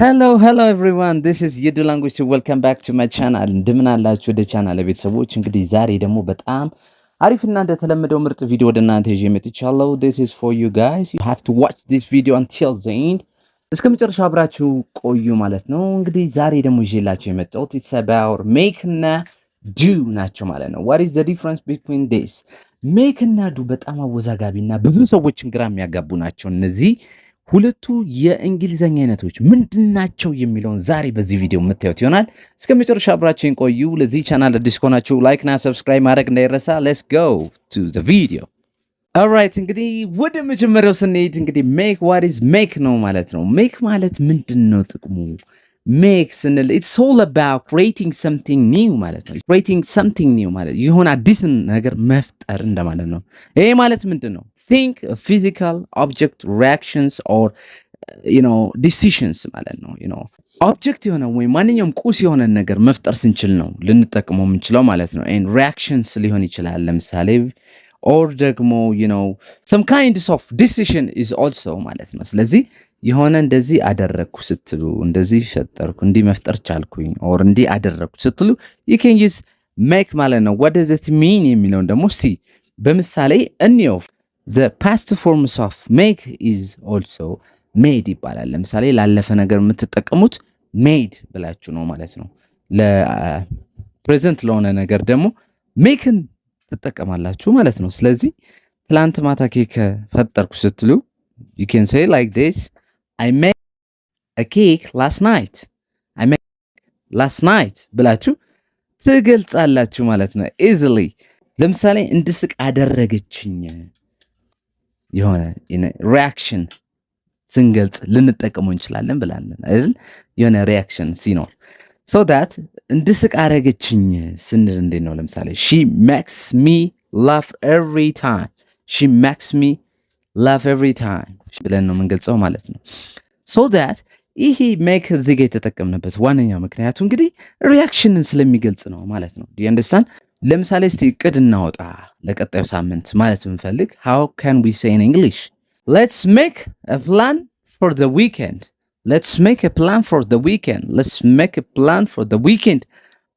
ሄሎ ሄሎ ኤቭሪዋን ዲስ ኢዝ የዱ ላንጉጅ ወልከም ባክ ቱ ማይ ቻናል። እንደምን አላችሁ? ወደ ቻናል ቤተሰቦች እንግዲህ ዛሬ ደግሞ በጣም አሪፍና እንደተለመደው ምርጥ ቪዲዮ ወደ እናንተ ይዤ መጥቻለሁ። ዲስ ኢዝ ፎር ዩ ጋይስ ዩ ሃቭ ቱ ዋች ዲስ ቪዲዮ አንቲል ዘ ኤንድ እስከ መጨረሻ አብራችሁ ቆዩ ማለት ነው። እንግዲህ ዛሬ ደግሞ ይዤላችሁ የመጣሁት ኢትስ አባውት ሜክ እና ዱ ናቸው ማለት ነው። ዋት ኢዝ ዘ ዲፍረንስ ቢትዊን ዲስ ሜክ እና ዱ በጣም አወዛጋቢ እና ብዙ ሰዎችን ግራ የሚያጋቡ ናቸው እነዚህ ሁለቱ የእንግሊዘኛ አይነቶች ምንድን ናቸው የሚለውን ዛሬ በዚህ ቪዲዮ የምታዩት ይሆናል። እስከ መጨረሻ አብራችን ቆዩ። ለዚህ ቻናል አዲስ ከሆናችሁ ና ሰብስክራይብ ማድረግ እንዳይረሳ። ሌትስ ጎ ቱ ዘ ቪዲዮ። ኦራይት እንግዲህ ወደ መጀመሪያው ስንሄድ እንግዲህ ሜክ ዋት ኢዝ ሜክ ነው ማለት ነው። ሜክ ማለት ምንድን ነው ጥቅሙ? ሜክ ስንል ኢትስ ኦል አባውት ክሬቲንግ ሰምቲንግ ኒው ማለት ነው። ክሬቲንግ ሰምቲንግ ኒው ማለት የሆነ አዲስ ነገር መፍጠር እንደማለት ነው። ይሄ ማለት ምንድን ነው? ቲንክ ፊዚካል ኦብጀክት ሪያክሽንስ ኦር ዲሲሽንስ ማለት ነው። ኦብጀክት የሆነ ወይም ማንኛውም ቁስ የሆነ ነገር መፍጠር ስንችል ነው ልንጠቅመው የምንችለው ማለት ነው። ሪያክሽንስ ሊሆን ይችላል ለምሳሌ ኦር ደግሞ ነው ሰም ካይንድስ ኦፍ ዲሲሽን ኢዝ ኦልሶ ማለት ነው። ስለዚህ የሆነ እንደዚህ አደረግኩ ስትሉ እንደዚህ ፈጠርኩ እንዲህ መፍጠር ቻልኩኝ ኦር እንዲህ አደረግኩ ስትሉ ዩን ሜክ ማለት ነው። ዋት ሚን የሚለውን ደግሞ እስቲ በምሳሌ እንየው። ፓስት ፎርምስ ኦፍ ሜክ ኢዝ ኦልሶ ሜድ ይባላል። ለምሳሌ ላለፈ ነገር የምትጠቀሙት ሜድ ብላችሁ ነው ማለት ነው። ለፕሬዘንት ለሆነ ነገር ደግሞ ሜክን ትጠቀማላችሁ ማለት ነው። ስለዚህ ትላንት ማታ ኬክ ፈጠርኩ ስትሉ ዩ ኬን ሴይ ላይክ ዲስ አይ ሜክ አ ኬክ ላስት ናይት አይ ሜክ ላስት ናይት ብላችሁ ትገልጻላችሁ ማለት ነው። ኢዝሊ ለምሳሌ እንድስቅ አደረገችኝ የሆነ ሪያክሽን ስንገልጽ ልንጠቀመው እንችላለን ብላለን አይደል? የሆነ ሪያክሽን ሲኖር ሶ ዳት እንድስቅ አረገችኝ ስንል እንዴት ነው? ለምሳሌ ሺ ሜክስ ሚ ላፍ ኤቭሪ ታይም፣ ሺ ሜክስ ሚ ላፍ ኤቭሪ ታይም ብለን ነው የምንገልጸው ማለት ነው። ሶ ዳት ይሄ ሜክ እዚህ ጋ የተጠቀምንበት ዋነኛው ምክንያቱ እንግዲህ ሪያክሽንን ስለሚገልጽ ነው ማለት ነው። ዲዩ አንደርስታንድ ለምሳሌ እስቲ እቅድ እናወጣ ለቀጣዩ ሳምንት ማለት ብንፈልግ ሃው ካን ዊ ሴይ ኢን እንግሊሽ ሌትስ ሜክ ፕላን ፎር ዘ ዊኬንድ ሌትስ ሜክ ፕላን ፎር ዘ ዊኬንድ ሌትስ ሜክ ፕላን ፎር ዘ ዊኬንድ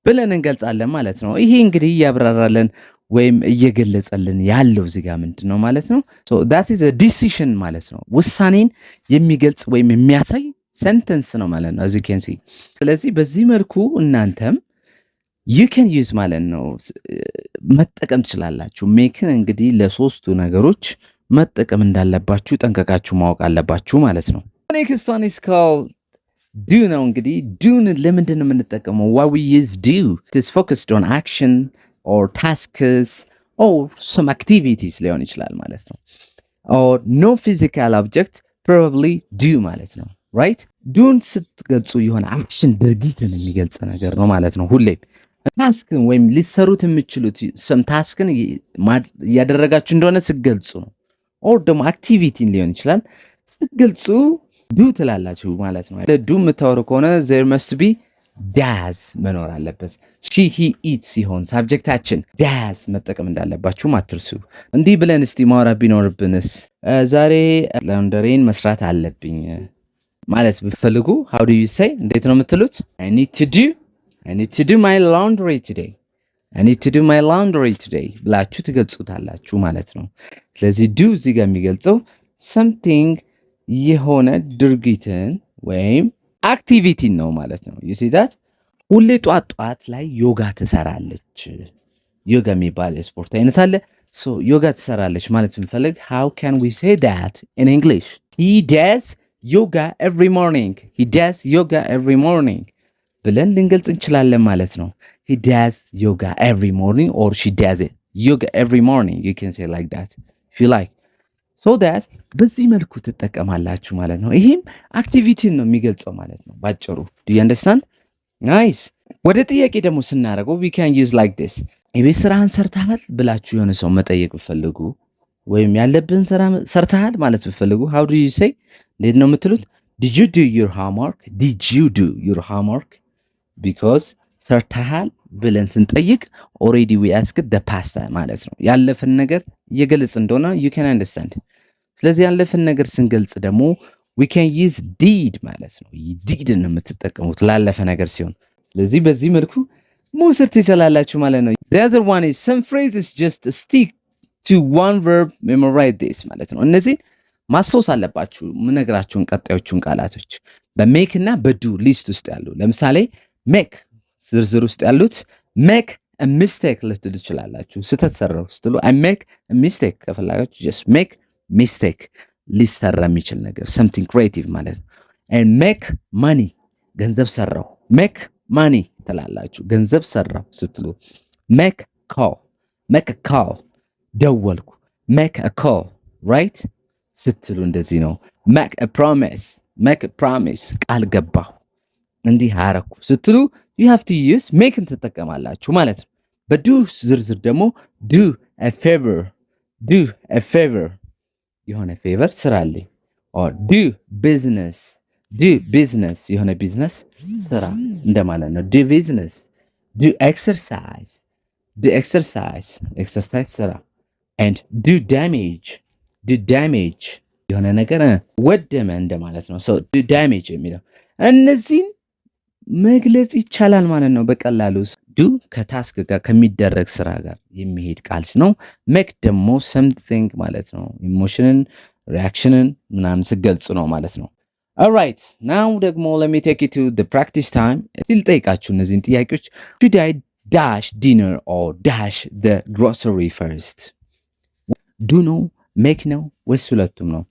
ብለን እንገልጻለን ማለት ነው። ይሄ እንግዲህ እያብራራለን ወይም እየገለጸልን ያለው እዚህ ጋር ምንድን ነው ማለት ነው። ዳት ኢዝ ዲሲሽን ማለት ነው። ውሳኔን የሚገልጽ ወይም የሚያሳይ ሰንተንስ ነው ማለት ነው። እዚህ ኬንሲ ስለዚህ በዚህ መልኩ እናንተም ዩ ኬን ዩዝ ማለት ነው መጠቀም ትችላላችሁ። ሜክን እንግዲህ ለሶስቱ ነገሮች መጠቀም እንዳለባችሁ ጠንቀቃችሁ ማወቅ አለባችሁ ማለት ነው። ኔክስት ዋን ኢዝ ዱ ነው እንግዲህ ዱን ለምንድን ነው የምንጠቀመው? ዋት ዊ ዩዝ ዱ ኢት ፎከስድ ኦን አክሽን ኦር ታስክስ ኦር ሰም አክቲቪቲስ ሊሆን ይችላል ማለት ነው። ኦር ኖ ፊዚካል ኦብጀክት ፕሮባብሊ ዱ ማለት ነው ራይት። ዱን ስትገልጹ የሆነ አክሽን ድርጊትን የሚገልጽ ነገር ነው ማለት ነው ሁሌም ታስክን ወይም ሊሰሩት የምችሉት ሰም ታስክን እያደረጋችሁ እንደሆነ ስገልጹ ነው። ኦር ደግሞ አክቲቪቲን ሊሆን ይችላል ስገልጹ ዱ ትላላችሁ ማለት ነው። ዱ የምታወሩ ከሆነ ዘር መስት ቢ ዳዝ መኖር አለበት። ሺ ሂ ኢት ሲሆን ሳብጀክታችን ዳዝ መጠቀም እንዳለባችሁም አትርሱ። እንዲህ ብለን እስቲ ማውራት ቢኖርብንስ ዛሬ ላውንደሬን መስራት አለብኝ ማለት ብፈልጉ ሀው ዱ ዩ ሳይ እንዴት ነው የምትሉት? አይ ኒድ ቱ ዱ I need to do my laundry today I need to do my laundry today ብላችሁ ትገልጹታላችሁ ማለት ነው። ስለዚህ ዱ እዚህ ጋር የሚገልጸው something የሆነ ድርጊትን ወይም አክቲቪቲን ነው ማለት ነው። you see that ሁሌ ጧት ጧት ላይ ዮጋ ትሰራለች። ዮጋ የሚባል የስፖርት አይነት አለ። ሶ ዮጋ ትሰራለች ማለት ብንፈልግ how can we say that in English? he does yoga every morning he does yoga every morning ብለን ልንገልጽ እንችላለን ማለት ነው። ሂ ዳዝ ዮጋ ኤቭሪ ሞርኒንግ ኦር ሺ ዳዝ ዮጋ ኤቭሪ ሞርኒንግ ዩ ካን ሴ ላይክ ዳት ኢፍ ዩ ላይክ ሶ ዳት በዚህ መልኩ ትጠቀማላችሁ ማለት ነው። ይህም አክቲቪቲን ነው የሚገልጸው ማለት ነው ባጭሩ። ዱ ዩ አንደርስታንድ? ናይስ። ወደ ጥያቄ ደግሞ ስናደርገው ዊ ካን ዩዝ ላይክ ዲስ የቤት ስራህን ሰርተሃል ብላችሁ የሆነ ሰው መጠየቅ ብፈልጉ ወይም ያለብህን ስራ ሰርተሃል ማለት ብፈልጉ ሀው ዱ ዩ ሴይ እንዴት ነው የምትሉት? ዲድ ዩ ዱ ዩር ሆምወርክ ዲድ ዩ ዱ ዩር ሆምወርክ ቢኮዝ ሰርተሃል ብለን ስንጠይቅ ኦሬዲ ዊ አስክ ደ ፓስት ማለት ነው። ያለፍን ነገር እየገለጽ እንደሆነ ዩ ካን አንደርስታንድ። ስለዚህ ያለፍን ነገር ስንገልጽ ደግሞ ዊ ካን ዩዝ ዲድ ማለት ነው። ዲድን ነው የምትጠቀሙት ላለፈ ነገር ሲሆን፣ ስለዚህ በዚህ መልኩ መውሰድ ትችላላችሁ ማለት ነው። ዘር ዋን ሰም ፍሬዝስ ጀስት ስቲክ ቱ ዋን ቨርብ ሜሞራይዝ ዴስ ማለት ነው። እነዚህን ማስታወስ አለባችሁ የምነግራችሁን ቀጣዮቹን ቃላቶች በሜክ እና በዱ ሊስት ውስጥ ያሉ ለምሳሌ ሜክ ዝርዝር ውስጥ ያሉት ሜክ ሚስቴክ ልትሉ ትችላላችሁ። ስህተት ሰራው ስትሉ አይ ሜክ ሚስቴክ ከፈለጋችሁ ጀስ ሜክ ሚስቴክ ሊሰራ የሚችል ነገር ሰምቲንግ ክሪኤቲቭ ማለት ነው። ሜክ ማኒ ገንዘብ ሰራው ሜክ ማኒ ትላላችሁ። ገንዘብ ሰራው ስትሉ ሜክ ኮል ሜክ ኮል ደወልኩ ሜክ ኮል ራይት ስትሉ እንደዚህ ነው። ሜክ ፕሮሚስ ሜክ ፕሮሚስ ቃል ገባሁ እንዲህ አረኩ ስትሉ ዩ ሜክን ትጠቀማላችሁ ማለት ነው። በዱ ዝርዝር ደግሞ ዱ ፌቨር የሆነ ፌቨር ስራልኝ፣ ኦር ዱ ቢዝነስ ዱ ቢዝነስ የሆነ ቢዝነስ ስራ እንደማለት ነው። ዱ ቢዝነስ ዱ ኤክሰርሳይዝ ዱ ኤክሰርሳይዝ ኤክሰርሳይዝ ስራ ኤንድ ዱ ዳሜጅ ዱ ዳሜጅ የሆነ ነገር ወደመ እንደማለት ነው። ዱ ዳሜጅ የሚለው እነዚህን መግለጽ ይቻላል ማለት ነው በቀላሉ ዱ ከታስክ ጋር ከሚደረግ ስራ ጋር የሚሄድ ቃልስ ነው። ሜክ ደግሞ ሰምቲንግ ማለት ነው። ኢሞሽንን ሪያክሽንን ምናምን ስገልጽ ነው ማለት ነው። ኦራይት ናው ደግሞ ለሚ ቴክ ቱ ፕራክቲስ ታይም ስል ጠይቃችሁ እነዚህን ጥያቄዎች ሹድ አይ ዳሽ ዲነር ኦር ዳሽ ግሮሰሪ ፈርስት? ዱ ነው ሜክ ነው ወይስ ሁለቱም ነው?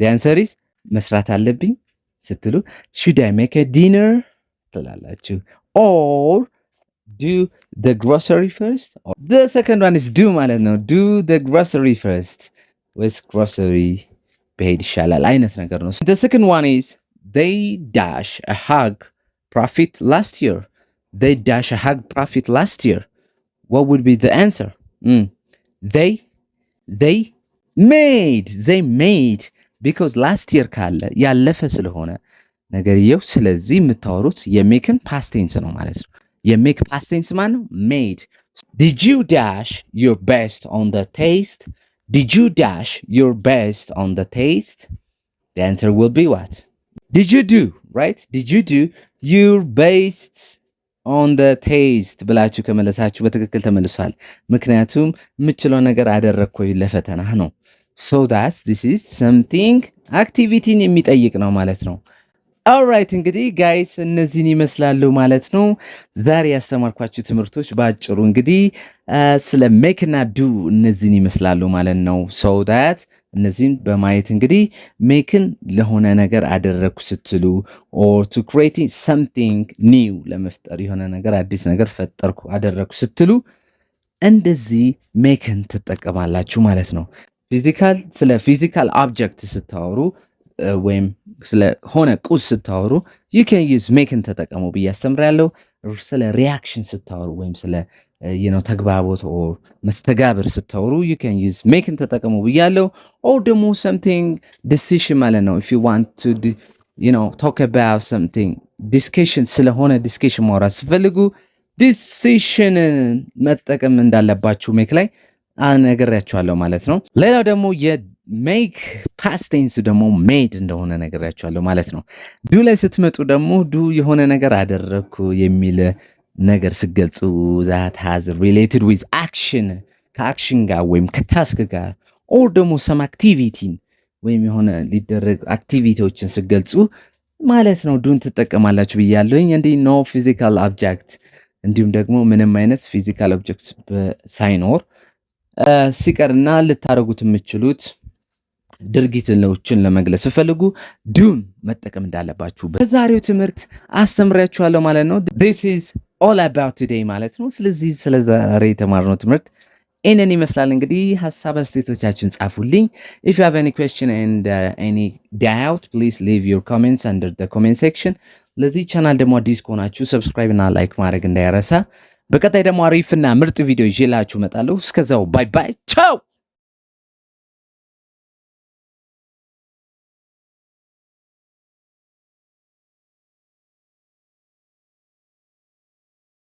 ዘ አንሰር ኢዝ መስራት አለብኝ ስትሉ ሹድ አይ ሜክ ዲነር ትላላችሁ ኦር ዱ ግሮሰሪ ፈርስት ሰከንድ ዋን ዱ ማለት ነው ዱ ግሮሰሪ ፈርስት ወይስ ግሮሰሪ ብሄድ ይሻላል አይነት ነገር ነው ሰከንድ ዋን ኢዝ ዴይ ዳሽ ሃግ ፕሮፊት ላስት የር ዴይ ዳሽ ሃግ ፕሮፊት ላስት የር what would be the answer? Mm. They, they made, they made ቢካዝ ላስት የር ካለ ያለፈ ስለሆነ ነገርየው። ስለዚህ የምታወሩት የሜክን ፓስቴንስ ነው ማለት ነው። የሜክ ፓስቴንስ ማን ነው? ሜድ ዲድ ዩ ዳሽ ዩር ቤስት ኦን ዘ ቴስት ዲድ ዩ ዳሽ ዩር ቤስት ኦን ዘ ቴስት ዘ አንሰር ዊል ቢ ዋት ዲድ ዩ ዱ ራይት ዲድ ዩ ዱ ዩር ቤስት ኦን ቴስት ብላችሁ ከመለሳችሁ በትክክል ተመልሷል። ምክንያቱም የምችለው ነገር አደረግኩኝ ለፈተና ነው። ሶ ዳት ዲስ ኢዝ ሰምቲንግ አክቲቪቲን የሚጠይቅ ነው ማለት ነው። ኦልራይት እንግዲህ ጋይስ እነዚህን ይመስላሉ ማለት ነው። ዛሬ ያስተማርኳቸው ትምህርቶች በአጭሩ እንግዲህ ስለ ሜክ እና ዱ እነዚህን ይመስላሉ ማለት ነው። ሶ ዳት እነዚህን በማየት እንግዲህ ሜክን ለሆነ ነገር አደረግኩ ስትሉ ኦር ቱ ክሬቲንግ ሰምቲንግ ኒው ለመፍጠር የሆነ ነገር አዲስ ነገር ፈጠርኩ አደረግኩ ስትሉ እንደዚህ ሜክን ትጠቀማላችሁ ማለት ነው። ፊዚካል ስለ ፊዚካል ኦብጀክት ስታወሩ ወይም ስለሆነ ቁስ ስታወሩ ዩ ኬን ዩዝ ሜክን ተጠቀሙ ብዬ አስተምራለሁ። ስለ ሪያክሽን ስታወሩ ወይም ስለ ነው ተግባቦት ኦር መስተጋብር ስታወሩ ዩ ኬን ዩዝ ሜክን ተጠቀሙ ብያለሁ። ኦር ደግሞ ሰምቲንግ ዲሲሽን ማለት ነው። ኢፍ ዩ ዋንት ቱ ነው ቶክ አባውት ሰምቲንግ ዲስኬሽን ስለሆነ ዲስከሽን ማውራት ስፈልጉ ዲሲሽንን መጠቀም እንዳለባችሁ ሜክ ላይ ነግሬያችኋለሁ ማለት ነው። ሌላው ደግሞ ሜክ ፓስቴንስ ደግሞ ሜድ እንደሆነ ነግሬያችኋለሁ ማለት ነው። ዱ ላይ ስትመጡ ደግሞ ዱ የሆነ ነገር አደረግኩ የሚል ነገር ስገልጹ ዛት ሃዝ ሪሌትድ ዊዝ አክሽን ከአክሽን ጋር ወይም ከታስክ ጋር ኦር ደግሞ ሰም አክቲቪቲን ወይም የሆነ ሊደረግ አክቲቪቲዎችን ስገልጹ ማለት ነው ዱን ትጠቀማላችሁ ብያለሁኝ። እንዲህ ኖ ፊዚካል ኦብጀክት እንዲሁም ደግሞ ምንም አይነት ፊዚካል ኦብጀክት ሳይኖር ሲቀርና ልታደርጉት የምችሉት ድርጊት ለውችን ለመግለጽ ስፈልጉ ዱን መጠቀም እንዳለባችሁ በዛሬው ትምህርት አስተምሪያችኋለሁ ማለት ነው። ዲስ ኢዝ ኦል አባውት ቱዴይ ማለት ነው። ስለዚህ ስለ ዛሬ የተማርነው ትምህርት ይህንን ይመስላል። እንግዲህ ሀሳብ አስተያየቶቻችን ጻፉልኝ። ኢፍ ዩ ሃቭ ኤኒ ኩዌስችን ኤንድ ኤኒ ዳውት ፕሊዝ ሊቭ ዩር ኮሜንትስ አንደር ዘ ኮሜንት ሴክሽን። ለዚህ ቻናል ደግሞ አዲስ ከሆናችሁ ሰብስክራይብ እና ላይክ ማድረግ እንዳይረሳ በቀጣይ ደግሞ አሪፍና ምርጥ ቪዲዮ ይዤላችሁ እመጣለሁ። እስከዛው ባይ ባይ ቻው።